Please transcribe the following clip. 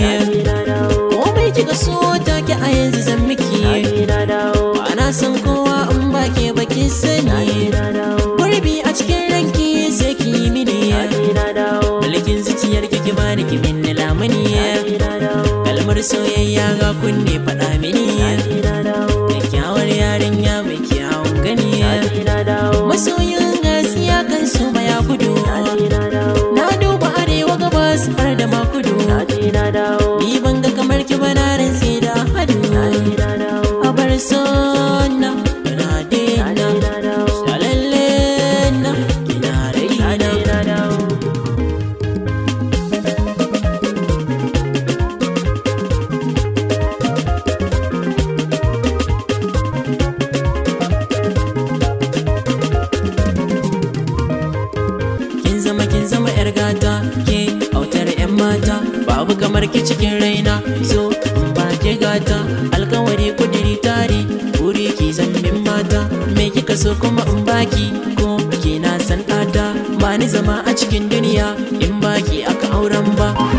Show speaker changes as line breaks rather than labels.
mai kika so ki a yanzu zan miki ana san kowa in ba ke baki sani gurbi a cikin ranki sai ki yi mini mulkin zuciyar ki ba da kimin lamuni kalmar soyayya ga kunne faɗa mini kyakkyawar yarinya mai kyawun gani masoyi ni na not Ni ki cikin raina so ba ke gata alkawari kudiri tari wuri ki zambin mata me kika so kuma in baki ko ke na san ada ba ni zama a cikin duniya in baki aka auren ba